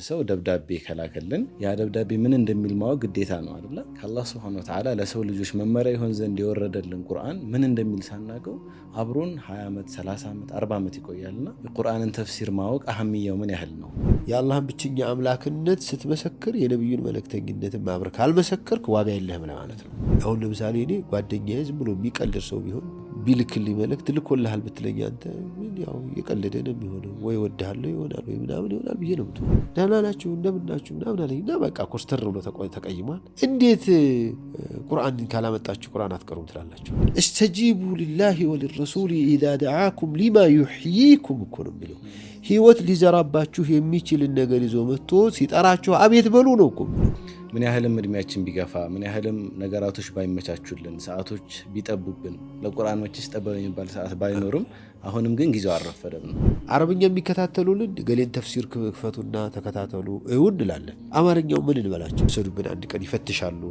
አንድ ሰው ደብዳቤ ከላከልን ያ ደብዳቤ ምን እንደሚል ማወቅ ግዴታ ነው አይደለ? ከአላህ ስብሐነ ወተዓላ ለሰው ልጆች መመሪያ ይሆን ዘንድ የወረደልን ቁርአን ምን እንደሚል ሳናቀው አብሮን 20 ዓመት 30 ዓመት 40 ዓመት ይቆያልና የቁርአንን ተፍሲር ማወቅ አህምያው ምን ያህል ነው? የአላህን ብቸኛ አምላክነት ስትመሰክር የነቢዩን መልእክተኝነትን ማብረክ ካልመሰከርክ ዋጋ የለህም ለማለት ነው። አሁን ለምሳሌ እኔ ጓደኛዬ ዝም ብሎ የሚቀልድ ሰው ቢሆን ቢልክልኝ መልእክት ልኮልሃል ብትለኝ አንተ ምን ያው የቀለደ ነው የሚሆነው፣ ወይ ወድሃለሁ ይሆናል ወይ ምናምን ይሆናል ብዬ ነው ምት ደህና ናችሁ እንደምናችሁ ምናምን አለኝ እና በቃ ኮስተር ብሎ ተቀይሟል። እንዴት ቁርአን ካላመጣችሁ ቁርአን አትቀሩም ትላላችሁ? እስተጂቡ ሊላሂ ወሊረሱል ኢዛ ደዓኩም ሊማ ዩሕይኩም እኮ ነው የሚለው ህይወት ሊዘራባችሁ የሚችልን ነገር ይዞ መጥቶ ሲጠራችሁ አቤት በሉ ነው እኮ ምን ያህልም እድሜያችን ቢገፋ ምን ያህልም ነገራቶች ባይመቻቹልን ሰዓቶች ቢጠቡብን ለቁርአን መቼስ ጠበብ የሚባል ሰዓት ባይኖርም አሁንም ግን ጊዜው አልረፈደም ነው። አረብኛ የሚከታተሉ ገሌን ተፍሲር ክፈቱና ተከታተሉ እውን እንላለን። አማርኛው ምን እንበላቸው? ሰዱብን አንድ ቀን ይፈትሻሉ።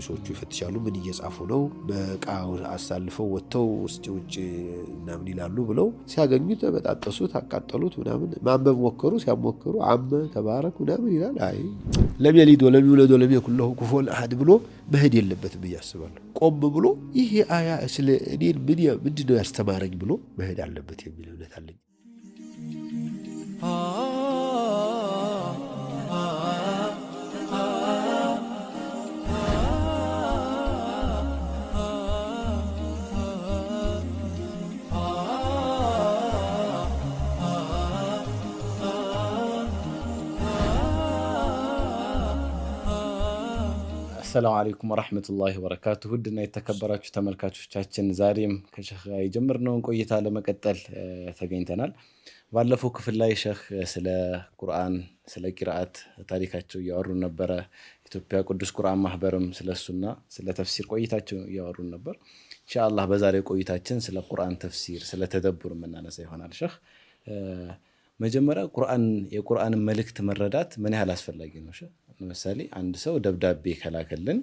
ፖሊሶቹ ይፈትሻሉ። ምን እየጻፉ ነው፣ በእቃ አሳልፈው ወጥተው ውስጥ ውጭ ምናምን ይላሉ ብለው ሲያገኙት በጣጠሱት፣ አቃጠሉት፣ ምናምን ማንበብ ሞከሩ። ሲያሞከሩ አመ ተባረክ ምናምን ይላል። አይ ለሜሊዶ ለሚውለዶ ለሚኩለሁ ኩፎን አህድ ብሎ መሄድ የለበትም ብዬ አስባለሁ። ቆም ብሎ ይህ አያ ስለ እኔን ምንድነው ያስተማረኝ ብሎ መሄድ አለበት የሚል እምነት አለኝ። አሰላሙ አለይኩም ወረሕመቱላሂ ወበረካቱ ውድና የተከበራችሁ ተመልካቾቻችን ዛሬም ከሸህ ጋር የጀመርነውን ቆይታ ለመቀጠል ተገኝተናል። ባለፈው ክፍል ላይ ሸህ ስለ ቁርአን፣ ስለ ቂርአት ታሪካቸው እያወሩ ነበረ። ኢትዮጵያ ቅዱስ ቁርአን ማህበርም ስለሱና ስለ ተፍሲር ቆይታቸው እያወሩ ነበር። ኢንሻአላህ በዛሬው ቆይታችን ስለ ቁርአን ተፍሲር፣ ስለ ተደቡር የምናነሳ ይሆናል ሸህ መጀመሪያ ቁርአን የቁርአንን መልእክት መረዳት ምን ያህል አስፈላጊ ነው? ለምሳሌ አንድ ሰው ደብዳቤ ከላከልን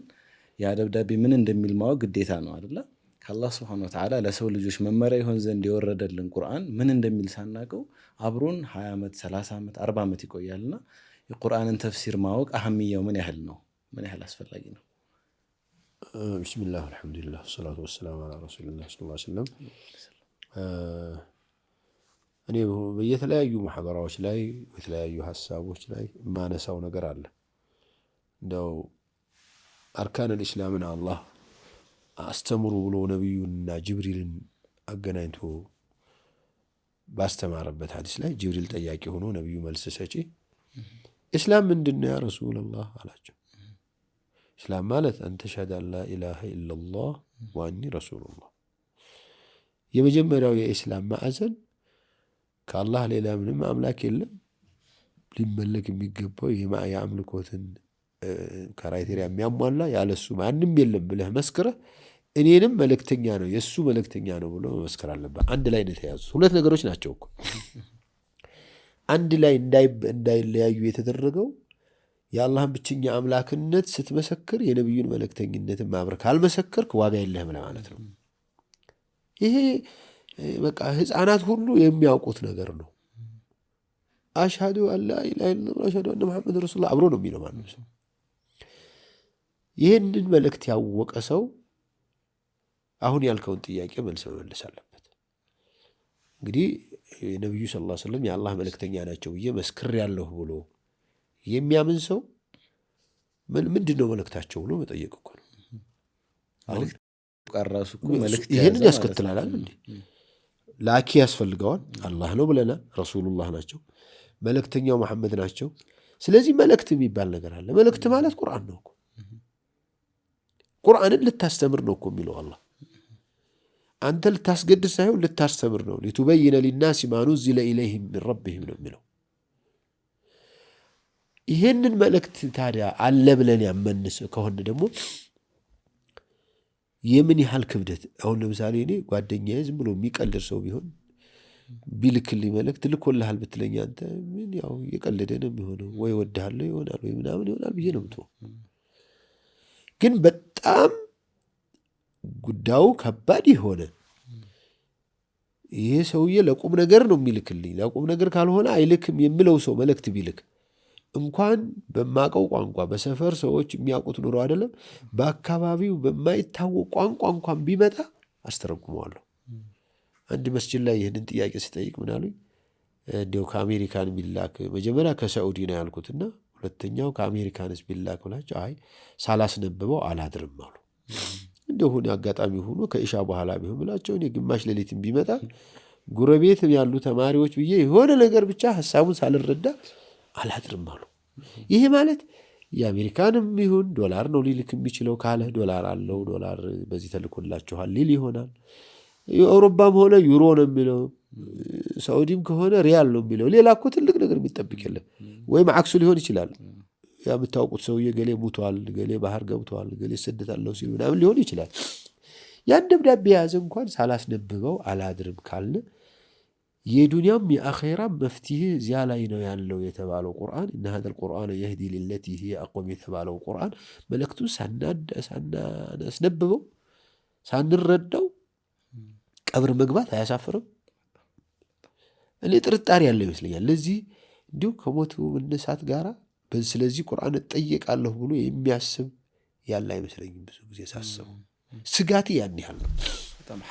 ያ ደብዳቤ ምን እንደሚል ማወቅ ግዴታ ነው አይደለ? ከአላህ ስብሐነ ወተዓላ ለሰው ልጆች መመሪያ ይሆን ዘንድ የወረደልን ቁርአን ምን እንደሚል ሳናቀው አብሮን 20 ዓመት፣ 30 ዓመት፣ 40 ዓመት ይቆያልና የቁርአንን ተፍሲር ማወቅ አህሚያው ምን ያህል ነው? ምን ያህል አስፈላጊ ነው? ቢስሚላህ አልሐምዱሊላህ ሰላቱ ወሰላም አላ ረሱሊላህ ሰለም እኔ የተለያዩ ማህበራዎች ላይ የተለያዩ ሀሳቦች ላይ የማነሳው ነገር አለ። እንደው አርካነል ኢስላምን አላህ አስተምሩ ብሎ ነቢዩንና ጅብሪልን አገናኝቶ ባስተማረበት ሀዲስ ላይ ጅብሪል ጠያቂ ሆኖ ነቢዩ መልስ ሰጪ ኢስላም ምንድን ነው ያ ረሱለላህ አላቸው። እስላም ማለት አንተሻድ አላ ኢላሃ ኢላላህ ዋኒ ረሱሉላህ የመጀመሪያው የኢስላም ማዕዘን ከአላህ ሌላ ምንም አምላክ የለም። ሊመለክ የሚገባው የአምልኮትን ክራይቴሪያ የሚያሟላ ያለሱ ማንም የለም ብለህ መስክረህ እኔንም መልእክተኛ ነው የእሱ መልእክተኛ ነው ብሎ መመስከር አለበት። አንድ ላይ ነው የተያዙት። ሁለት ነገሮች ናቸው እኮ አንድ ላይ እንዳይለያዩ የተደረገው የአላህን ብቸኛ አምላክነት ስትመሰክር የነቢዩን መልእክተኝነትን ማብረክ ካልመሰከርክ ዋጋ የለህም ለማለት ነው ይሄ በቃ ህፃናት ሁሉ የሚያውቁት ነገር ነው። አሽሃዱ አላ ኢላሃ ኢለላህ አሽሃዱ አነ መሐመድ ረሱሉላህ አብሮ ነው የሚለው ማንም ሰው። ይህንን መልእክት ያወቀ ሰው አሁን ያልከውን ጥያቄ መልስ መመለስ አለበት። እንግዲህ ነቢዩ ስ ላ ስለም የአላህ መልእክተኛ ናቸው ብዬ ያለሁ ብሎ የሚያምን ሰው ምንድን ነው መልእክታቸው ብሎ መጠየቅ እኮ ነው። ይህንን ያስከትላል። ላኪ ያስፈልገዋል። አላህ ነው ብለናል። ረሱሉላህ ናቸው፣ መልእክተኛው መሐመድ ናቸው። ስለዚህ መልእክት የሚባል ነገር አለ። መልእክት ማለት ቁርአን ነው ቁርአንን ልታስተምር ነው እኮ የሚለው አላህ። አንተ ልታስገድ ሳይሆን ልታስተምር ነው። ሊቱበይነ ሊናስ ማኑዝለ ኢለይህም ምን ረብህም ነው የሚለው። ይሄንን መልእክት ታዲያ አለ ብለን ያመንስ ከሆነ ደግሞ የምን ያህል ክብደት አሁን ለምሳሌ እኔ ጓደኛዬ ዝም ብሎ የሚቀልድ ሰው ቢሆን ቢልክልኝ መልእክት ልኮልሃል ብትለኝ አንተ ምን ያው የቀለደ ነው የሚሆነው ወይ ወድሃለሁ ይሆናል ወይ ምናምን ይሆናል ብዬ ነው ምቶ ግን በጣም ጉዳዩ ከባድ የሆነ ይሄ ሰውዬ ለቁም ነገር ነው የሚልክልኝ ለቁም ነገር ካልሆነ አይልክም የምለው ሰው መልእክት ቢልክ እንኳን በማቀው ቋንቋ በሰፈር ሰዎች የሚያውቁት ኑሮ አይደለም በአካባቢው በማይታወቅ ቋንቋ እንኳን ቢመጣ አስተረጉመዋለሁ። አንድ መስጅድ ላይ ይህንን ጥያቄ ስጠይቅ ምናሉኝ እንዲው ከአሜሪካን ቢላክ መጀመሪያ ከሳዑዲ ነው ያልኩትና ሁለተኛው ከአሜሪካንስ ቢላክ ብላቸው አይ ሳላስነብበው አላድርም አሉ። እንደሆነ አጋጣሚ ሆኖ ከእሻ በኋላ ቢሆን ብላቸው እኔ ግማሽ ሌሊትም ቢመጣ ጉረቤት ያሉ ተማሪዎች ብዬ የሆነ ነገር ብቻ ሀሳቡን ሳልረዳ አላድርም አሉ። ይሄ ማለት የአሜሪካንም ይሁን ዶላር ነው ሊልክ የሚችለው ካለ ዶላር አለው። ዶላር በዚህ ተልኮላችኋል ሊል ይሆናል። የአውሮፓም ሆነ ዩሮ ነው የሚለው። ሳዑዲም ከሆነ ሪያል ነው የሚለው። ሌላ እኮ ትልቅ ነገር የሚጠብቅ የለም። ወይም አክሱ ሊሆን ይችላል። የምታውቁት ሰውዬ ገሌ ሙቷል፣ ገሌ ባህር ገብቷል፣ ገሌ ስደት አለው ሲል ምናምን ሊሆን ይችላል። ያን ደብዳቤ የያዘ እንኳን ሳላስነብበው አላድርም ካለ የዱንያም የአኼራም መፍትሄ እዚያ ላይ ነው ያለው የተባለው ቁርአን እና ሀዘል ቁርአን የህዲ ሊለቲ ሂየ አቆም የተባለው ቁርአን መልእክቱን ሳናስነብበው ሳንረዳው ቀብር መግባት አያሳፍርም። እኔ ጥርጣሬ ያለው ይመስለኛል። ለዚህ እንዲሁ ከሞቱ መነሳት ጋራ ስለዚህ ቁርአን እጠየቃለሁ ብሎ የሚያስብ ያለ አይመስለኝም። ብዙ ጊዜ ሳስበው ስጋቴ ያን ያህል ነው።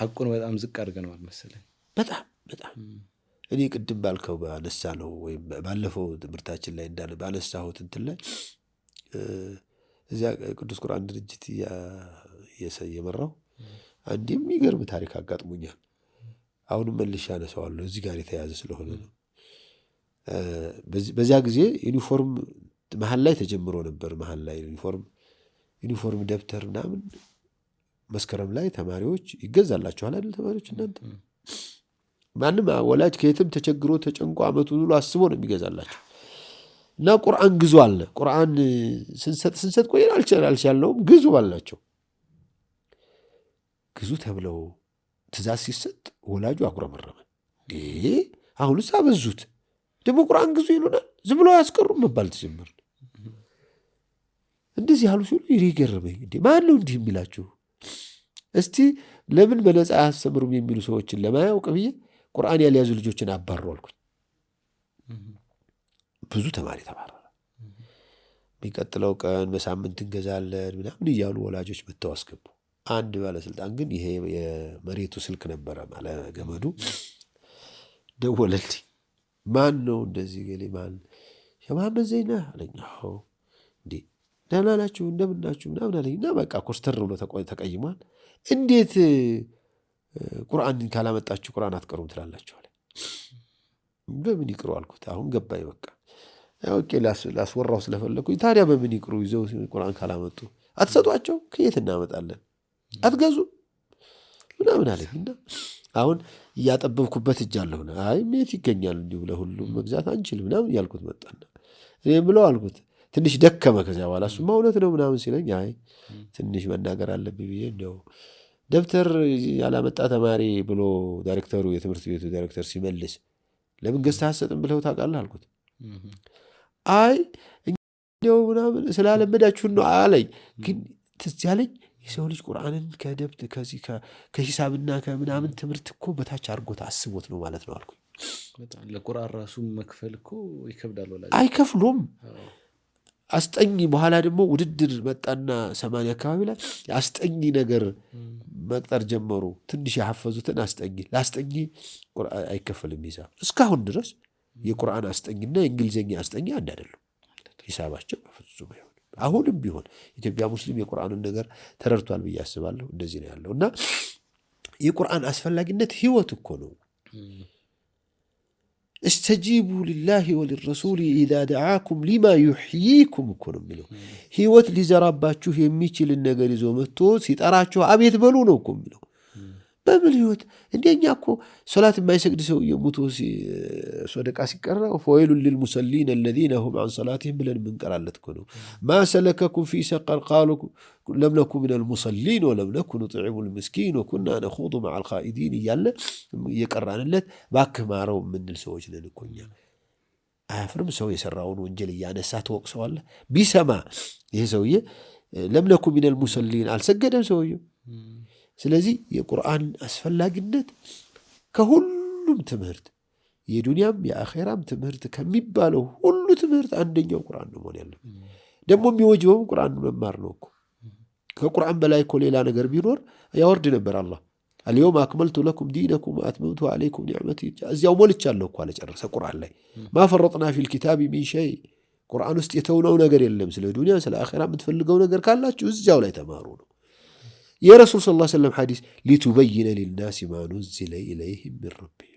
ሐቁን በጣም ዝቅ አድርገነዋል መሰለኝ በጣም በጣም እኔ ቅድም ባልከው ነው ወይም ባለፈው ትምህርታችን ላይ እንዳለ ባነሳሁት እንትን ላይ እዚያ ቅዱስ ቁርአን ድርጅት የመራው አንድ የሚገርም ታሪክ አጋጥሞኛል። አሁንም መልሼ አነሳዋለሁ እዚህ ጋር የተያዘ ስለሆነ ነው። በዚያ ጊዜ ዩኒፎርም መሀል ላይ ተጀምሮ ነበር። መሀል ላይ ዩኒፎርም ዩኒፎርም ደብተር ምናምን መስከረም ላይ ተማሪዎች ይገዛላችኋል አይደል? ተማሪዎች እናንተ ማንም ወላጅ ከየትም ተቸግሮ ተጨንቆ አመቱን ሁሉ አስቦ ነው የሚገዛላቸው። እና ቁርአን ግዙ አለ። ቁርአን ስንሰጥ ስንሰጥ ቆይን አልቻልነውም፣ ግዙ አልናቸው። ግዙ ተብለው ትእዛዝ ሲሰጥ ወላጁ አጉረመረመ። አሁንስ አበዙት፣ ደግሞ ቁርአን ግዙ ይሉናል። ዝም ብለው አያስቀሩም መባል ተጀመር። እንደዚህ ያሉ ሲሉ ይህ ገረመኝ። እንዴ ማን ነው እንዲህ የሚላችሁ? እስቲ ለምን በነፃ አያስተምሩም የሚሉ ሰዎችን ለማያውቅ ብዬ ቁርአን ያልያዙ ልጆችን አባሩ አልኩኝ። ብዙ ተማሪ ተባረረ። የሚቀጥለው ቀን በሳምንት እንገዛለን ምናምን እያሉ ወላጆች መጥተው አስገቡ። አንድ ባለስልጣን ግን ይሄ የመሬቱ ስልክ ነበረ ማለ ገመዱ ደወለልኝ። ማን ነው እንደዚህ ገሌ ማን የመሐመድ ዘይና አለኝ። እንዴ ደህና ናችሁ እንደምናችሁ ምናምን አለኝ እና በቃ ኮስተር ብሎ ተቀይሟል። እንዴት ቁርአን ካላመጣችሁ ቁርአን አትቀሩም ትላላችኋል። በምን ይቅሩ አልኩት። አሁን ገባኝ። በቃ ኦኬ፣ ላስወራው ስለፈለግኩኝ ታዲያ በምን ይቅሩ? ይዘው ቁርአን ካላመጡ አትሰጧቸው፣ ከየት እናመጣለን? አትገዙ ምናምን አለኝ እና አሁን እያጠበብኩበት እጃለሁ። አይ የት ይገኛል እንዲሁ ለሁሉም መግዛት አንችል ምናምን እያልኩት መጣና እኔ ብለው አልኩት። ትንሽ ደከመ። ከዚያ በኋላ እሱማ እውነት ነው ምናምን ሲለኝ አይ ትንሽ መናገር አለብኝ ብዬ እንደው ደብተር ያላመጣ ተማሪ ብሎ ዳይሬክተሩ የትምህርት ቤቱ ዳይሬክተር ሲመልስ ለምን ገዝተህ አትሰጥም ብለው ታውቃለህ አልኩት። አይ እንዲያው ምናምን ስላለመዳችሁን ነው አለኝ። ግን ትዝ ያለኝ የሰው ልጅ ቁርአንን ከደብት ከዚህ ከሂሳብና ከምናምን ትምህርት እኮ በታች አድርጎት አስቦት ነው ማለት ነው አልኩኝ። ለቁርአን ራሱ መክፈል እኮ ይከብዳል። አይከፍሉም አስጠኝ በኋላ ደግሞ ውድድር መጣና ሰማንያ አካባቢ ላይ አስጠኝ ነገር መቅጠር ጀመሩ። ትንሽ ያሐፈዙትን አስጠኝ ለአስጠኝ አይከፈልም ሂሳብ። እስካሁን ድረስ የቁርአን አስጠኝና የእንግሊዝኛ አስጠኝ አንድ አይደለም። ሂሳባቸው በፍጹም አይሆንም። አሁንም ቢሆን ኢትዮጵያ ሙስሊም የቁርአንን ነገር ተረድቷል ብዬ አስባለሁ። እንደዚህ ነው ያለው እና የቁርአን አስፈላጊነት ህይወት እኮ ነው። استجيبوا لله وللرسول إذا دعاكم لما يحييكم كنوا منه هيوت لزرابات شو هي زومتو سيت أراتشو عبيت بلونو كنوا በምን ህይወት እንዴ? እኮ ሶላት የማይሰግድ ሰውዬ ሙቶ ሶደቃ ሲቀራ ፈወይሉን ልልሙሰሊን አለዚነ ሁም አን ሰላትህም ብለን የምንቀራለት እኮ ነው። ማ ሰለከኩም ፊ ሰቀር ቃሉ ለም ምን ልሙሰሊን ወለም ንጥዕሙ ልምስኪን ወኩና ነኹዱ መዓ ልኻኢዲን እያለ እየቀራንለት እባክህ ማረው የምንል ሰዎች ነን እኮ እኛ። አያፍርም ሰው የሰራውን ወንጀል እያነሳ ትወቅሰዋለህ። ቢሰማ ይህ ሰውዬ ለምነኩ ሚነል ሙሰሊን አልሰገደም ሰውዬው ስለዚህ የቁርአን አስፈላጊነት ከሁሉም ትምህርት የዱንያም የአኼራም ትምህርት ከሚባለው ሁሉ ትምህርት አንደኛው ቁርአን ነው መሆን ያለው። ደግሞ የሚወጅበውም ቁርአን መማር ነው እኮ። ከቁርአን በላይ እኮ ሌላ ነገር ቢኖር ያወርድ ነበር አላህ አልየውም አክመልቱ ለኩም ዲነኩም አትመምቱ አለይኩም ኒዕመቲ እዚያው ሞልቻለሁ እኮ አለጨረሰ ቁርአን ላይ ማፈረጥና ፊል ኪታቢ ሚን ሸይ ቁርአን ውስጥ የተውነው ነገር የለም። ስለ ዱንያ ስለ አኼራ የምትፈልገው ነገር ካላችሁ እዚያው ላይ ተማሩ ነው። የረሱል ስ ላ ሰለም ሐዲስ ሊቱበይነ ሊልናስ ማኑዝለ ኢለይህም ምን ረቢህም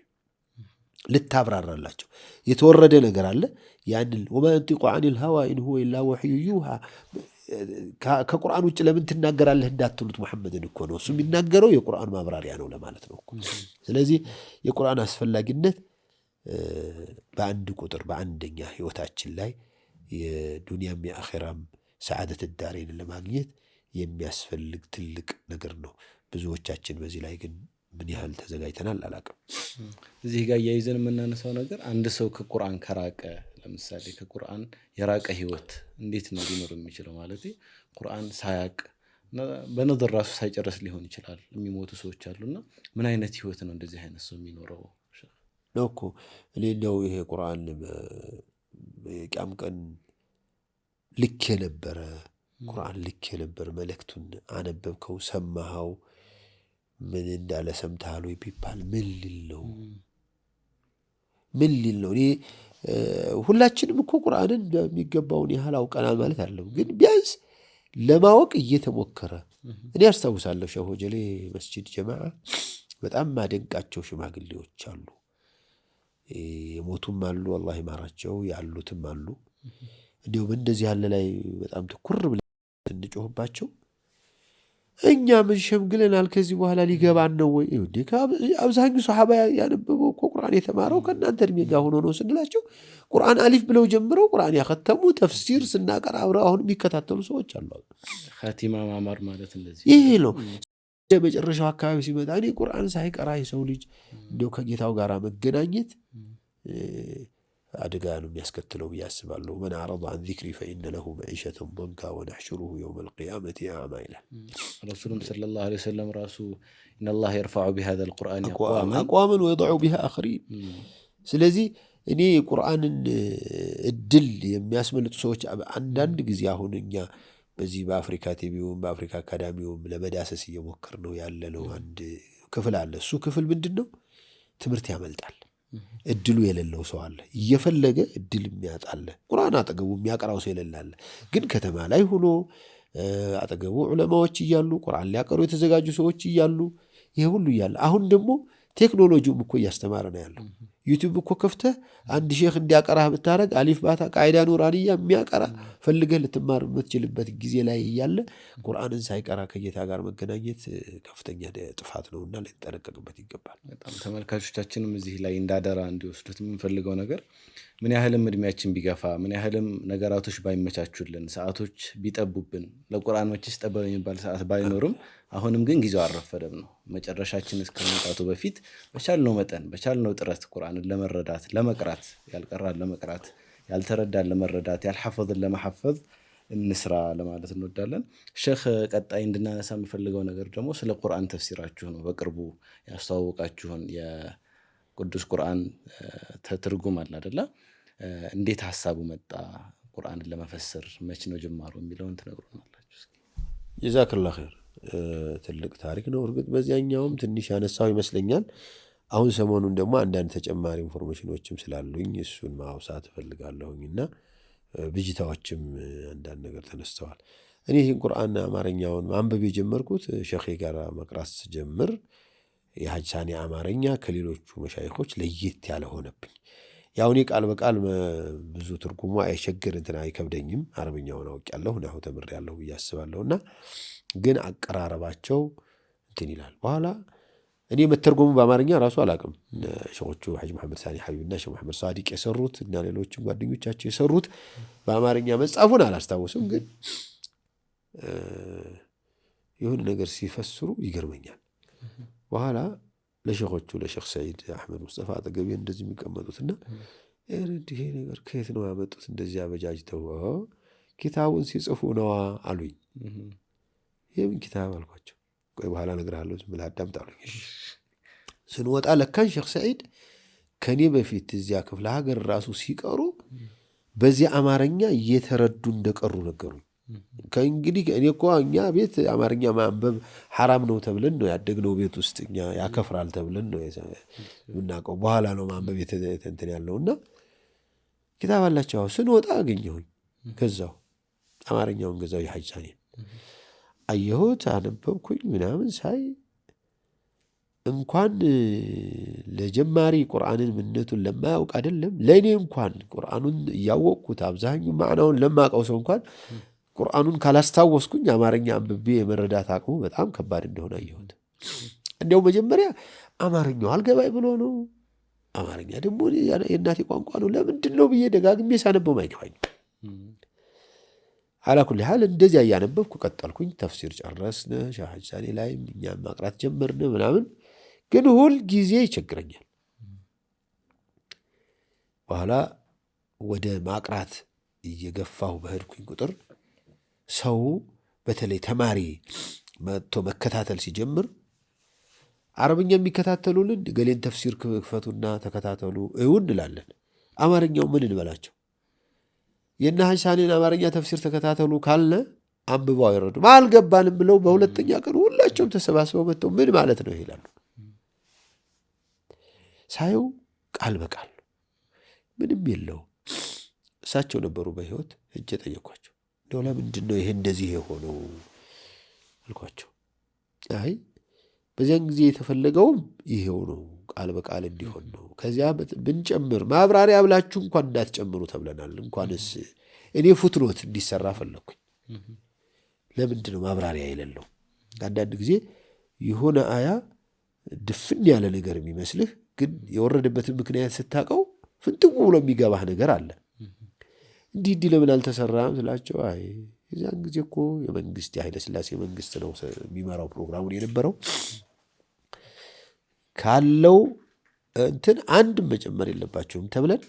ልታብራራላቸው የተወረደ ነገር አለ። ያንን ወማ ንጢቁ አኒል ልሃዋ ኢን ሁወ ኢላ ወሕዩ ዩሃ ከቁርአን ውጭ ለምን ትናገራለህ እንዳትሉት መሐመድን እኮ ነው እሱ የሚናገረው የቁርአን ማብራሪያ ነው ለማለት ነው። ስለዚህ የቁርአን አስፈላጊነት በአንድ ቁጥር በአንደኛ ህይወታችን ላይ የዱንያም የአኼራም ሰዓደት ዳሬን ለማግኘት የሚያስፈልግ ትልቅ ነገር ነው። ብዙዎቻችን በዚህ ላይ ግን ምን ያህል ተዘጋጅተናል አላቅም። እዚህ ጋር እያይዘን የምናነሳው ነገር አንድ ሰው ከቁርአን ከራቀ ለምሳሌ ከቁርአን የራቀ ህይወት እንዴት ነው ሊኖር የሚችለው? ማለት ቁርአን ሳያቅ በነዘር ራሱ ሳይጨርስ ሊሆን ይችላል የሚሞቱ ሰዎች አሉና ምን አይነት ህይወት ነው እንደዚህ አይነት ሰው የሚኖረው? ነው እኮ እኔ እንደው ይሄ ቁርአን የቂያም ቀን ልክ የነበረ ቁርአን ልኬ ነበር። መልእክቱን አነበብከው? ሰማኸው? ምን እንዳለ ሰምተሃል ወይ ቢባል ምን ሊል ነው? ምን ሊል ነው? እኔ ሁላችንም እኮ ቁርአንን በሚገባውን ያህል አውቀናል ማለት አለው፣ ግን ቢያንስ ለማወቅ እየተሞከረ እኔ አስታውሳለሁ ሸህ ሆጀሌ መስጂድ ጀማ በጣም ማደንቃቸው ሽማግሌዎች አሉ። የሞቱም አሉ፣ አላህ ይማራቸው፣ ያሉትም አሉ። እንዲሁም እንደዚህ ያለ ላይ በጣም ትኩር እንጮህባቸው እኛ ምን ሸምግለናል? ከዚህ በኋላ ሊገባን ነው ወይ? አብዛኛው ሰሓባ ያነበበው እኮ ቁርአን የተማረው ከእናንተ እድሜ ጋር ሆኖ ነው ስንላቸው ቁርአን አሊፍ ብለው ጀምረው ቁርአን ያከተሙ ተፍሲር ስናቀር አብረው አሁን የሚከታተሉ ሰዎች አሉ። ኸቲማ ማማር ማለት እንደዚህ ነው። መጨረሻው አካባቢ ሲመጣ እኔ ቁርአን ሳይቀራ የሰው ልጅ እንዲያው ከጌታው ጋር መገናኘት አደጋ ነው የሚያስከትለው ብዬ አስባለሁ። መን አዕረض ዐን ዚክሪ ፈኢነ ለሁ መዒሸተን ዶንካ ወነሕሹሩሁ የውመል ቂያመቲ አዕማ ይላል። ረሱሉም ሰለላሁ ዐለይሂ ወሰለም ራሱ ኢነላህ የርፈዑ ቢሃዛል ቁርአን አቅዋመን ወየደዑ ቢሃ አኽሪን። ስለዚህ እኔ ቁርአንን እድል የሚያስመልጡ ሰዎች አንዳንድ ጊዜ አሁን እኛ በዚህ በአፍሪካ ቲቪውም በአፍሪካ አካዳሚውም ለመዳሰስ እየሞከር ነው ያለ ነው። አንድ ክፍል አለ። እሱ ክፍል ምንድን ነው? ትምህርት ያመልጣል እድሉ የሌለው ሰው አለ። እየፈለገ እድል የሚያጣለ ቁርአን አጠገቡ የሚያቀራው ሰው የሌላለ፣ ግን ከተማ ላይ ሆኖ አጠገቡ ዑለማዎች እያሉ ቁርአን ሊያቀሩ የተዘጋጁ ሰዎች እያሉ ይሄ ሁሉ እያለ አሁን ደግሞ ቴክኖሎጂውም እኮ እያስተማረ ነው ያለው። ዩቲዩብ እኮ ክፍተህ አንድ ሼክ እንዲያቀራህ ብታደረግ አሊፍ ባታ ቃይዳ ኑራንያ የሚያቀራ ፈልገህ ልትማር የምትችልበት ጊዜ ላይ እያለ ቁርአንን ሳይቀራ ከጌታ ጋር መገናኘት ከፍተኛ ጥፋት ነው እና ልንጠነቀቅበት ይገባል። በጣም ተመልካቾቻችንም እዚህ ላይ እንዳደራ እንዲወስዱት የምንፈልገው ነገር ምን ያህልም እድሜያችን ቢገፋ ምን ያህልም ነገራቶች ባይመቻቹልን፣ ሰዓቶች ቢጠቡብን ለቁርአን መቼስ ጠበብ የሚባል ሰዓት ባይኖርም አሁንም ግን ጊዜው አልረፈደም ነው። መጨረሻችን እስከ መምጣቱ በፊት በቻልነው መጠን በቻልነው ጥረት ቁርአንን ለመረዳት ለመቅራት፣ ያልቀራን ለመቅራት፣ ያልተረዳን ለመረዳት፣ ያልሐፈዝን ለመሐፈዝ እንስራ ለማለት እንወዳለን። ሼክ ቀጣይ እንድናነሳ የምፈልገው ነገር ደግሞ ስለ ቁርአን ተፍሲራችሁ ነው። በቅርቡ ያስተዋወቃችሁን የቅዱስ ቁርአን ትርጉም አለ አደለ? እንዴት ሀሳቡ መጣ? ቁርአንን ለመፈስር መች ነው ጀማሩ የሚለውን ትነግሩናላችሁ። ጀዛክላ ኸይር ትልቅ ታሪክ ነው። እርግጥ በዚያኛውም ትንሽ ያነሳው ይመስለኛል። አሁን ሰሞኑን ደግሞ አንዳንድ ተጨማሪ ኢንፎርሜሽኖችም ስላሉኝ እሱን ማውሳት እፈልጋለሁኝ እና ብጅታዎችም አንዳንድ ነገር ተነስተዋል። እኔ ይህን ቁርአን አማርኛውን ማንበብ የጀመርኩት ሸኼ ጋር መቅራት ስጀምር የሀጅ ሳኔ አማርኛ ከሌሎቹ መሻይኮች ለየት ያለ ሆነብኝ። ያው እኔ ቃል በቃል ብዙ ትርጉሙ አይቸግር እንትን አይከብደኝም። አረብኛውን አውቅ አውቄያለሁ፣ ናሁ ተምሬያለሁ ብዬ እና ግን አቀራረባቸው እንትን ይላል። በኋላ እኔ መተርጎሙ በአማርኛ ራሱ አላውቅም። ሼኾቹ ሐጂ መሐመድ ሳኒ ሐቢብና ሼኽ መሐመድ ሳዲቅ የሰሩት እና ሌሎችም ጓደኞቻቸው የሰሩት በአማርኛ መጻፉን አላስታወስም ግን የሆነ ነገር ሲፈስሩ ይገርመኛል። በኋላ ለሼኾቹ ለሼኽ ሰዒድ አሕመድ ሙስጠፋ አጠገቤ እንደዚህ የሚቀመጡትና ይሄ ነገር ከየት ነው ያመጡት እንደዚህ አበጃጅተው ኪታቡን ሲጽፉ ነዋ አሉኝ። የምን ኪታብ አልኳቸው። ቆይ በኋላ እነግርሃለሁ ዝም ብለህ ስንወጣ ለካን ሼክ ሰዒድ ከኔ በፊት እዚያ ክፍለ ሀገር ራሱ ሲቀሩ በዚህ አማርኛ እየተረዱ እንደቀሩ ነገሩኝ። ከእንግዲህ እኔ እኮ እኛ ቤት አማርኛ ማንበብ ሐራም ነው ተብለን ነው ያደግነው። ቤት ውስጥ እኛ ያከፍራል ተብለን ነው የምናውቀው። በኋላ ነው ማንበብ የተንትን ያለው እና ኪታብ አላቸው። ስንወጣ አገኘሁኝ፣ ገዛሁ። አማርኛውን ገዛሁ የሐጅ ሳኔን አየሁት አነበብኩኝ ምናምን ሳይ እንኳን ለጀማሪ ቁርአንን ምንነቱን ለማያውቅ አይደለም ለእኔ እንኳን ቁርአኑን እያወቅኩት አብዛኛው ማዕናውን ለማቀው ሰው እንኳን ቁርአኑን ካላስታወስኩኝ አማርኛ አንብቤ የመረዳት አቅሙ በጣም ከባድ እንደሆነ አየሁት። እንዲያው መጀመሪያ አማርኛው አልገባኝ ብሎ ነው። አማርኛ ደግሞ የእናቴ ቋንቋ ነው። ለምንድን ነው ብዬ ደጋግሜ ሳነበው አይገባኝም። አላኩል ያህል እንደዚያ እያነበብኩ ቀጠልኩኝ። ተፍሲር ጨረስን። ሻህ ላይም እኛም ማቅራት ጀመርን ምናምን፣ ግን ሁል ጊዜ ይቸግረኛል። በኋላ ወደ ማቅራት እየገፋሁ በሄድኩኝ ቁጥር ሰው በተለይ ተማሪ መጥቶ መከታተል ሲጀምር አረብኛ የሚከታተሉልን ገሌን ተፍሲር ክፈቱና ተከታተሉ እውን እንላለን። አማርኛው ምን እንበላቸው? የእነ ሐሳኔን አማርኛ ተፍሲር ተከታተሉ ካለ አንብበው አይረዱም። አልገባንም ብለው በሁለተኛ ቀን ሁላቸውም ተሰባስበው መጥተው ምን ማለት ነው ይላሉ። ሳየው ቃል በቃል ምንም የለው? እሳቸው ነበሩ በህይወት እጅ የጠየኳቸው እንደው ለምንድን ነው ይሄ እንደዚህ የሆነው አልኳቸው። አይ በዚያን ጊዜ የተፈለገውም ይሄው ነው ቃል በቃል እንዲሆን ነው። ከዚያ ብንጨምር ማብራሪያ ብላችሁ እንኳን እንዳትጨምሩ ተብለናል። እንኳንስ እኔ ፉትኖት እንዲሰራ ፈለግኩኝ። ለምንድን ነው ማብራሪያ የሌለው? አንዳንድ ጊዜ የሆነ አያ ድፍን ያለ ነገር የሚመስልህ ግን የወረደበትን ምክንያት ስታውቀው ፍንጥቁ ብሎ የሚገባህ ነገር አለ። እንዲህ እንዲህ ለምን አልተሰራም ስላቸው፣ አይ የዚያን ጊዜ እኮ የመንግስት የኃይለስላሴ መንግስት ነው የሚመራው ፕሮግራሙን የነበረው ካለው እንትን አንድ መጨመር የለባቸውም ተብለን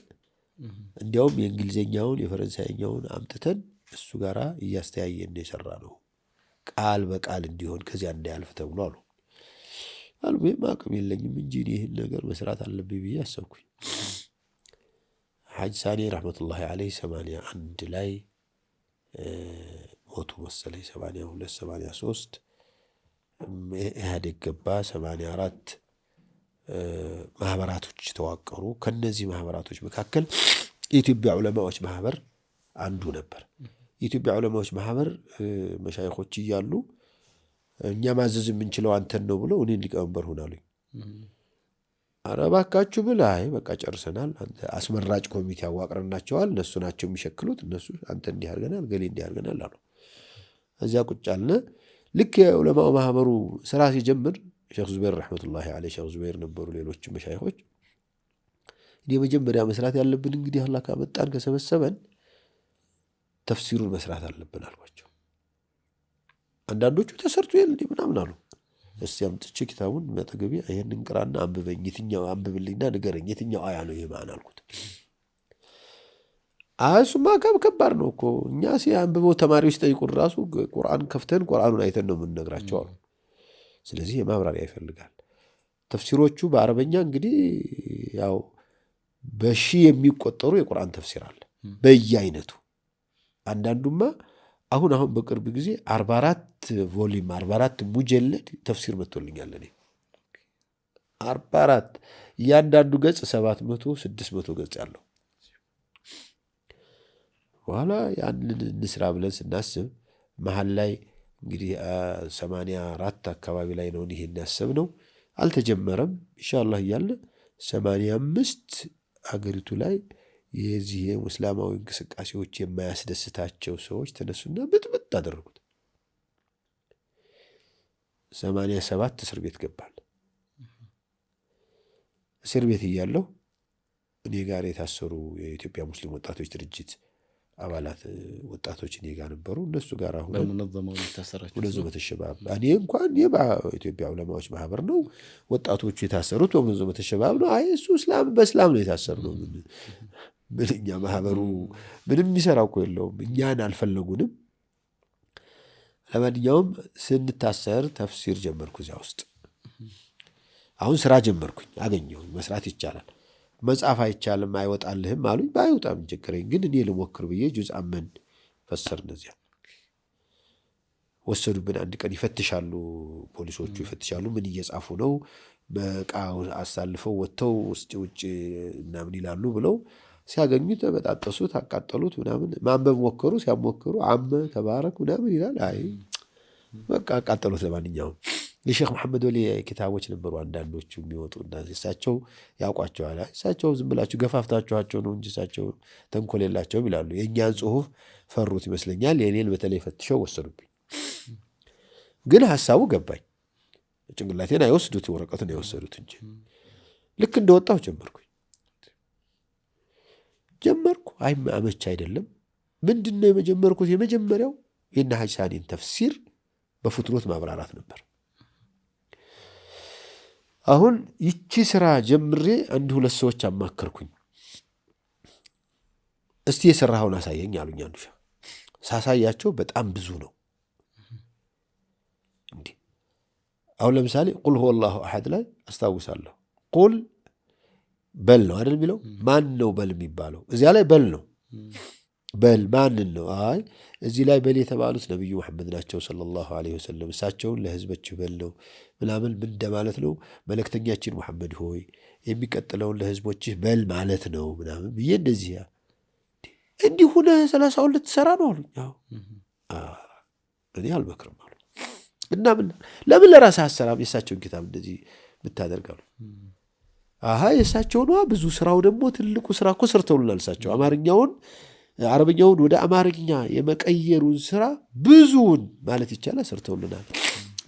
እንዲያውም የእንግሊዝኛውን የፈረንሳይኛውን አምጥተን እሱ ጋራ እያስተያየን የሰራ ነው። ቃል በቃል እንዲሆን ከዚያ እንዳያልፍ ተብሎ አሉ አሉ ወይም አቅም የለኝም እንጂ ይህን ነገር መስራት አለብኝ ብዬ አሰብኩኝ። ሐጅ ሳኔ ረሕመቱላሂ ዓለይህ ሰማንያ አንድ ላይ ሞቱ መሰለኝ ሰማንያ ሁለት ሰማንያ ሶስት ኢህአዴግ ገባ ሰማንያ አራት ማህበራቶች ተዋቀሩ። ከነዚህ ማህበራቶች መካከል የኢትዮጵያ ዑለማዎች ማህበር አንዱ ነበር። የኢትዮጵያ ዑለማዎች ማህበር መሻይኮች እያሉ እኛ ማዘዝ የምንችለው አንተን ነው ብለው እኔን ሊቀመንበር ሆናሉኝ። አረባካችሁ እባካችሁ ብል አይ በቃ ጨርሰናል፣ አስመራጭ ኮሚቴ አዋቅረናቸዋል፣ እነሱ ናቸው የሚሸክሉት። እነሱ አንተ እንዲህ አድርገናል፣ ገሌ እንዲህ አድርገናል አሉ። እዚያ ቁጭ አልነ። ልክ የዑለማው ማህበሩ ስራ ሲጀምር ሼክ ዙበይር ረሕመቱላሂ ዓለይህ ሼክ ዙበይር ነበሩ፣ ሌሎችም መሻይኾች። እንግዲህ የመጀመሪያ መስራት ያለብን እንግዲህ አላህ ካመጣን ከሰበሰበን ተፍሲሩን መስራት አለብን አልኳቸው። አንዳንዶቹ ተሰርቶ የለ ምናምን አሉ። እስቲ አምጥቼ ኪታቡን መጠገቢ ይህን እንቅራና አንብበኝ፣ የትኛው አንብብልኝና ንገረኝ፣ የትኛው አያ ነው ይህማን ማን አልኩት። እሱማ ከባድ ነው እኮ እኛ ሲ አንብበው ተማሪዎች ጠይቁን ራሱ ቁርአን ከፍተን ቁርአኑን አይተን ነው የምንነግራቸው አሉ። ስለዚህ የማብራሪያ ይፈልጋል። ተፍሲሮቹ በአረበኛ እንግዲህ ያው በሺ የሚቆጠሩ የቁርአን ተፍሲር አለ በየአይነቱ። አንዳንዱማ አሁን አሁን በቅርብ ጊዜ አርባ አራት ቮሊም አርባ አራት ሙጀለድ ተፍሲር መጥቶልኛል እኔ አርባ አራት እያንዳንዱ ገጽ ሰባት መቶ ስድስት መቶ ገጽ ያለው በኋላ ያንን እንስራ ብለን ስናስብ መሀል ላይ እንግዲህ ሰማንያ አራት አካባቢ ላይ ነው ይሄን ነው። አልተጀመረም። ኢንሻአላህ እያለ ሰማንያ አምስት አገሪቱ ላይ የዚህ እስላማዊ እንቅስቃሴዎች የማያስደስታቸው ሰዎች ተነሱና ብጥብጥ አደረጉት። ሰማንያ ሰባት እስር ቤት ገባል። እስር ቤት እያለሁ እኔ ጋር የታሰሩ የኢትዮጵያ ሙስሊም ወጣቶች ድርጅት አባላት ወጣቶች እኔ ጋር ነበሩ። እነሱ ጋር አሁን በሙነዘማው በተሸባብ እኔ እንኳን የኢትዮጵያ ዑለማዎች ማህበር ነው ወጣቶቹ የታሰሩት በሙነዘማው በተሸባብ ነው። አይ እሱ እስላም በእስላም ነው የታሰር ነው። ምን እኛ ማህበሩ ምንም የሚሰራ እኮ የለውም። እኛን አልፈለጉንም። ለማንኛውም ስንታሰር ተፍሲር ጀመርኩ። እዚያ ውስጥ አሁን ስራ ጀመርኩኝ። አገኘሁኝ መስራት ይቻላል። መጻፍ አይቻልም አይወጣልህም አሉኝ። ባይወጣም ችግረኝ ግን እኔ ልሞክር ብዬ ጁዝ አመን ፈሰር እነዚያ ወሰዱብን። አንድ ቀን ይፈትሻሉ፣ ፖሊሶቹ ይፈትሻሉ። ምን እየጻፉ ነው? በቃ አሳልፈው ወጥተው ውጭ ውጭ ምናምን ይላሉ ብለው ሲያገኙት ተበጣጠሱት፣ አቃጠሉት፣ ምናምን ማንበብ ሞከሩ። ሲያሞክሩ አመ ተባረክ ምናምን ይላል። አይ በቃ አቃጠሉት። ለማንኛውም የሼክ መሐመድ ወሊ ኪታቦች ነበሩ አንዳንዶቹ የሚወጡ እና እሳቸው ያውቋቸዋል። እሳቸው ዝም ብላችሁ ገፋፍታችኋቸው ነው እንጂ እሳቸው ተንኮል የላቸውም ይላሉ። የእኛን ጽሁፍ ፈሩት ይመስለኛል። የኔን በተለይ ፈትሸው ወሰዱብኝ። ግን ሀሳቡ ገባኝ። ጭንቅላቴን አይወስዱት፣ ወረቀቱን አይወሰዱት እንጂ ልክ እንደወጣሁ ጀመርኩኝ ጀመርኩ። አይ አመች አይደለም። ምንድን ነው የመጀመርኩት? የመጀመሪያው የነ ሐጂ ሳኒን ተፍሲር በፉትኖት ማብራራት ነበር። አሁን ይቺ ስራ ጀምሬ አንድ ሁለት ሰዎች አማከርኩኝ። እስቲ የሰራኸውን አሳየኝ አሉኝ። አንዱ ሳሳያቸው በጣም ብዙ ነው። እንዲህ አሁን ለምሳሌ ቁል ሁ አላሁ አሐድ ላይ አስታውሳለሁ። ቁል በል ነው አይደል የሚለው። ማን ነው በል የሚባለው? እዚያ ላይ በል ነው በል ማንን ነው? አይ እዚህ ላይ በል የተባሉት ነቢዩ መሐመድ ናቸው ሰለላሁ ዐለይሂ ወሰለም። እሳቸውን ለህዝበችህ በል ነው ምናምን ምን እንደማለት ነው? መልእክተኛችን መሐመድ ሆይ የሚቀጥለውን ለህዝቦችህ በል ማለት ነው ምናምን ብዬ እንደዚህ እንዲሁ ሰላሳ ሁለት ልትሰራ ነው አሉኝ። እኔ አልመክርም አሉ እና ለምን ለራስህ አሰራም የእሳቸውን ኪታብ እንደዚህ ብታደርጋሉ አሀ የእሳቸውን ብዙ ስራው ደግሞ ትልቁ ስራ እኮ ሰርተውልናል እሳቸው አማርኛውን አረብኛውን ወደ አማርኛ የመቀየሩን ስራ ብዙውን ማለት ይቻላል ሰርተውልናል።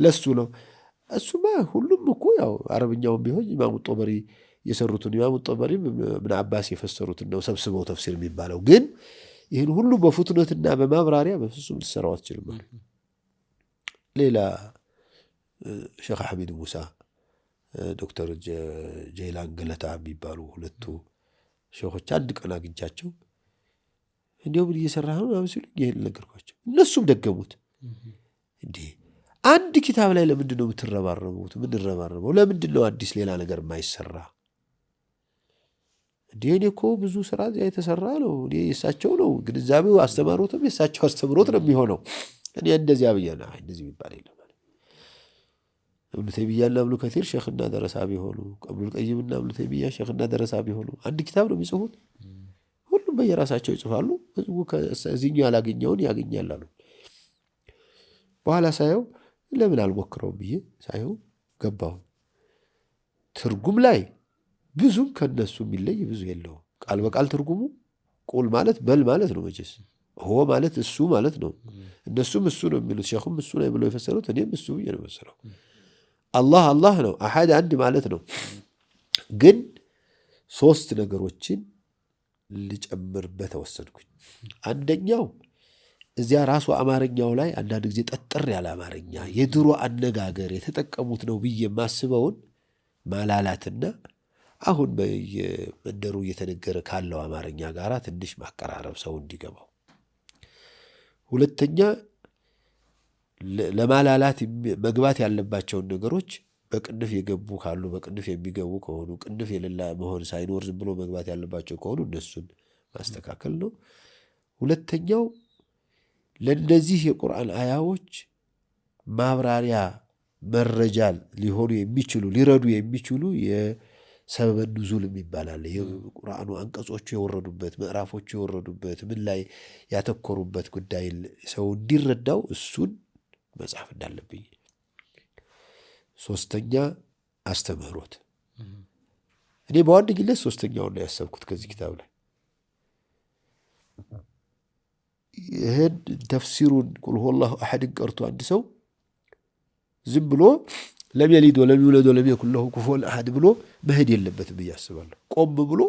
ለሱ ነው እሱማ። ሁሉም እኮ ያው አረበኛውን ቢሆን ኢማሙ ጦበሪ የሰሩትን ኢማሙ ጦበሪ ምን አባስ የፈሰሩትን ነው ሰብስበው ተፍሲር የሚባለው። ግን ይህን ሁሉ በፍጥነትና በማብራሪያ በፍጹም ልትሰራው አትችልም። ሌላ ሼክ ሐሚድ ሙሳ፣ ዶክተር ጀይላን ገለታ የሚባሉ ሁለቱ ሼኮች አንድ ቀን አግኝቻቸው እንዲሁም እየሰራህ ነው ሲሉ ይህን ነገርኳቸው። እነሱም ደገሙት። እንዲህ አንድ ኪታብ ላይ ለምንድን ነው የምትረባረቡት? የምንረባረበው ለምንድን ነው አዲስ ሌላ ነገር የማይሰራ? እንዲህ እኔ እኮ ብዙ ስራ እዚያ የተሰራ ነው። እኔ የእሳቸው ነው ግንዛቤው፣ አስተማሮትም የእሳቸው አስተምሮት ነው የሚሆነው። እኔ እንደዚያ ብያለሁ። እንደዚህ የሚባል የለም። እብኑ ተይሚያና እብኑ ከቲር ሸክና ደረሳ ቢሆኑ፣ እብኑል ቀይምና እብኑ ተይሚያ ሸይኽና ደረሳ ቢሆኑ አንድ ኪታብ ነው የሚጽፉት። በየራሳቸው ይጽፋሉ። ህዝቡ ከዚህኛው ያላገኘውን ያገኛል አሉ። በኋላ ሳየው ለምን አልሞክረውም ብዬ ሳየው ገባሁ። ትርጉም ላይ ብዙም ከነሱ የሚለይ ብዙ የለውም። ቃል በቃል ትርጉሙ ቁል ማለት በል ማለት ነው። መቼስ ሆ ማለት እሱ ማለት ነው። እነሱም እሱ ነው የሚሉት። ሼኹም እሱ ነው ብለው የፈሰሩት፣ እኔም እሱ ብዬ ነው የፈሰረው። አላህ አላህ ነው። አሐድ አንድ ማለት ነው። ግን ሶስት ነገሮችን ልጨምርበት ተወሰንኩኝ። አንደኛው እዚያ ራሱ አማርኛው ላይ አንዳንድ ጊዜ ጠጠር ያለ አማርኛ የድሮ አነጋገር የተጠቀሙት ነው ብዬ የማስበውን ማላላትና አሁን በየመንደሩ እየተነገረ ካለው አማርኛ ጋር ትንሽ ማቀራረብ ሰው እንዲገባው። ሁለተኛ ለማላላት መግባት ያለባቸውን ነገሮች በቅንፍ የገቡ ካሉ በቅንፍ የሚገቡ ከሆኑ ቅንፍ የሌላ መሆን ሳይኖር ዝም ብሎ መግባት ያለባቸው ከሆኑ እነሱን ማስተካከል ነው። ሁለተኛው ለእነዚህ የቁርአን አያዎች ማብራሪያ መረጃን ሊሆኑ የሚችሉ ሊረዱ የሚችሉ የሰበበ ኑዙል የሚባል የቁርአኑ አንቀጾቹ የወረዱበት ምዕራፎቹ የወረዱበት ምን ላይ ያተኮሩበት ጉዳይ ሰው እንዲረዳው እሱን መጽሐፍ እንዳለብኝ ሶስተኛ አስተምህሮት። እኔ በዋነኝነት ሶስተኛውን ነው ያሰብኩት ከዚህ ኪታብ ላይ ይህን ተፍሲሩን ቁልሆላሁ ላሁ አሐድን ቀርቶ አንድ ሰው ዝም ብሎ ለም የሊድ ወለም ይውለድ ወለም የኩን ለሁ ኩፉወን አሐድ ብሎ መሄድ የለበትም ብዬ አስባለሁ። ቆም ብሎ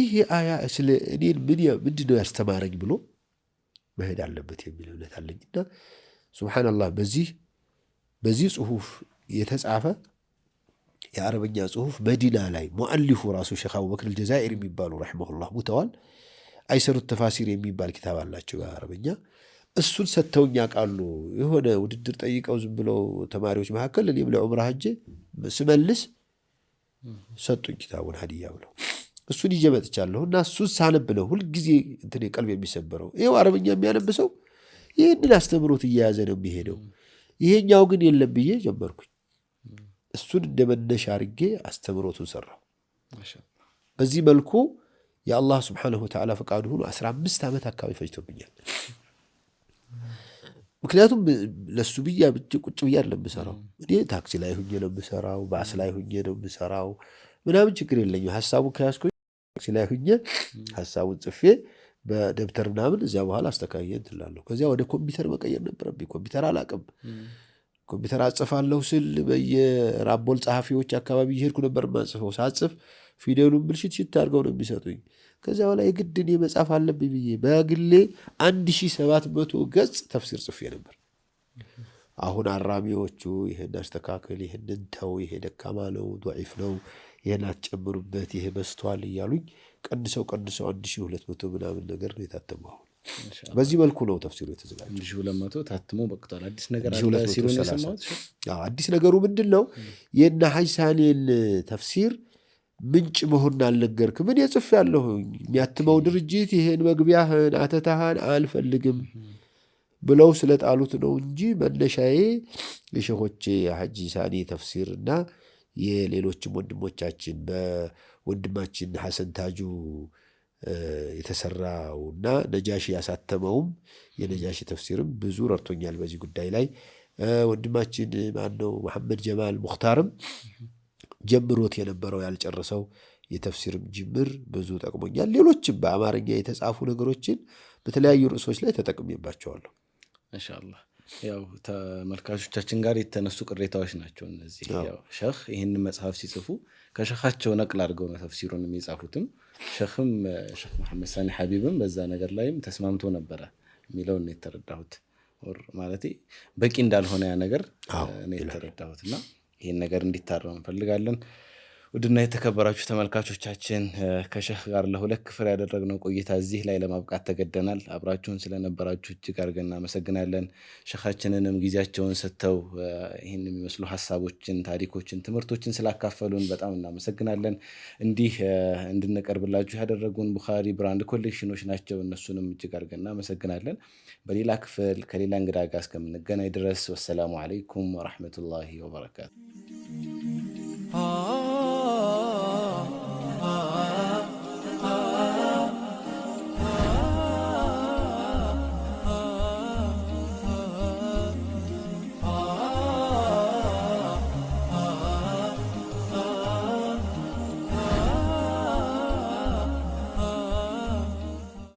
ይህ አያ ስለ እኔን ምንድን ነው ያስተማረኝ ብሎ መሄድ አለበት የሚል እምነት አለኝና ሱብሓነላህ በዚህ በዚህ ጽሁፍ የተጻፈ የአረበኛ ጽሁፍ መዲና ላይ ሙአሊፉ ራሱ ሼክ አቡበክር አልጀዛኢር የሚባሉ ረሒመሁላህ ሙተዋል። አይሰሩት ተፋሲር የሚባል ኪታብ አላቸው አረበኛ። እሱን ሰጥተውኛ ቃሉ የሆነ ውድድር ጠይቀው ዝም ብለው ተማሪዎች መካከል እኔም ለዑምራ ሄጄ ስመልስ ሰጡኝ ኪታቡን ሀዲያ ብለው እሱን ይዤ መጥቻለሁ። እና እሱን ሳነብ ነው ሁልጊዜ እንትን ቀልብ የሚሰበረው። ይኸው አረበኛ የሚያነብ ሰው ይህንን አስተምሮት እየያዘ ነው የሚሄደው። ይሄኛው ግን የለም ብዬ ጀመርኩኝ። እሱን እንደመነሻ አድርጌ አስተምሮቱን ሰራው። በዚህ መልኩ የአላህ ስብሓነሁ ወተዓላ ፈቃዱ ሆኖ አስራ አምስት ዓመት አካባቢ ፈጅቶብኛል። ምክንያቱም ለሱ ብያ ብቻ ቁጭ ብያ አይደለም የምሰራው። እኔ ታክሲ ላይ ሁኜ ነው የምሰራው፣ ባስ ላይ ሁኜ ነው የምሰራው። ምናምን ችግር የለኝም። ሀሳቡን ከያዝኩኝ ታክሲ ላይ ሁኜ ሀሳቡን ጽፌ በደብተር ምናምን እዚያ በኋላ አስተካየን ትላለሁ። ከዚያ ወደ ኮምፒውተር መቀየር ነበረብኝ። ኮምፒውተር አላቅም ኮምፒውተር አጽፋለሁ ስል በየራቦል ጸሐፊዎች አካባቢ እየሄድኩ ነበር ማጽፈው። ሳጽፍ ፊደሉን ብልሽት ሽት አድርገው ነው የሚሰጡኝ። ከዚያ በኋላ የግድ እኔ መጻፍ አለብኝ ብዬ በግሌ አንድ ሺህ ሰባት መቶ ገጽ ተፍሲር ጽፌ ነበር። አሁን አራሚዎቹ ይህን አስተካክል፣ ይህን እንተው፣ ይሄ ደካማ ነው፣ ዶዒፍ ነው፣ ይህን አትጨምሩበት፣ ይሄ በስተዋል እያሉኝ ቀንሰው ቀንሰው አንድ ሺህ ሁለት መቶ ምናምን ነገር ነው የታተመው። በዚህ መልኩ ነው ተፍሲሩ የተዘጋጀው። ታትሞ በቅቷል። አዲስ ነገር አዲስ ነገሩ ምንድን ነው? የእነ ሀይሳሌን ተፍሲር ምንጭ መሆን አልነገርክ። ምን የጽፍ ያለሁ የሚያትመው ድርጅት ይህን መግቢያህን አተታህን አልፈልግም ብለው ስለጣሉት ነው እንጂ መነሻዬ የሸኾቼ ሐጂ ሳኔ ተፍሲር እና የሌሎችም ወንድሞቻችን በወንድማችን ሐሰን ታጁ የተሰራውና ነጃሺ ያሳተመውም የነጃሺ ተፍሲርም ብዙ ረድቶኛል በዚህ ጉዳይ ላይ። ወንድማችን ማነው መሐመድ ጀማል ሙክታርም ጀምሮት የነበረው ያልጨረሰው የተፍሲርም ጅምር ብዙ ጠቅሞኛል። ሌሎችም በአማርኛ የተጻፉ ነገሮችን በተለያዩ ርዕሶች ላይ ተጠቅሜባቸዋለሁ። ኢንሻአላህ ያው ተመልካቾቻችን ጋር የተነሱ ቅሬታዎች ናቸው እነዚህ። ሸህ ይህን መጽሐፍ ሲጽፉ ከሸካቸው ነቅል አድርገው ነው ተፍሲሩን የሚጻፉትም ሸክም ሸክ መሐመድ ሳኒ ሀቢብም በዛ ነገር ላይም ተስማምቶ ነበረ የሚለውን ነው የተረዳሁት። ማለት በቂ እንዳልሆነ ያ ነገር ነው የተረዳሁት እና ይህን ነገር እንዲታረም እንፈልጋለን። ውድና የተከበራችሁ ተመልካቾቻችን ከሸህ ጋር ለሁለት ክፍል ያደረግነው ቆይታ እዚህ ላይ ለማብቃት ተገደናል። አብራችሁን ስለነበራችሁ እጅግ አድርገን እናመሰግናለን። ሸኻችንንም ጊዜያቸውን ሰጥተው ይህን የሚመስሉ ሀሳቦችን፣ ታሪኮችን፣ ትምህርቶችን ስላካፈሉን በጣም እናመሰግናለን። እንዲህ እንድንቀርብላችሁ ያደረጉን ቡኻሪ ብራንድ ኮሌክሽኖች ናቸው። እነሱንም እጅግ አድርገን እናመሰግናለን። በሌላ ክፍል ከሌላ እንግዳ ጋር እስከምንገናኝ ድረስ ወሰላሙ አለይኩም ወረሕመቱላሂ ወበረካቱ። Oh.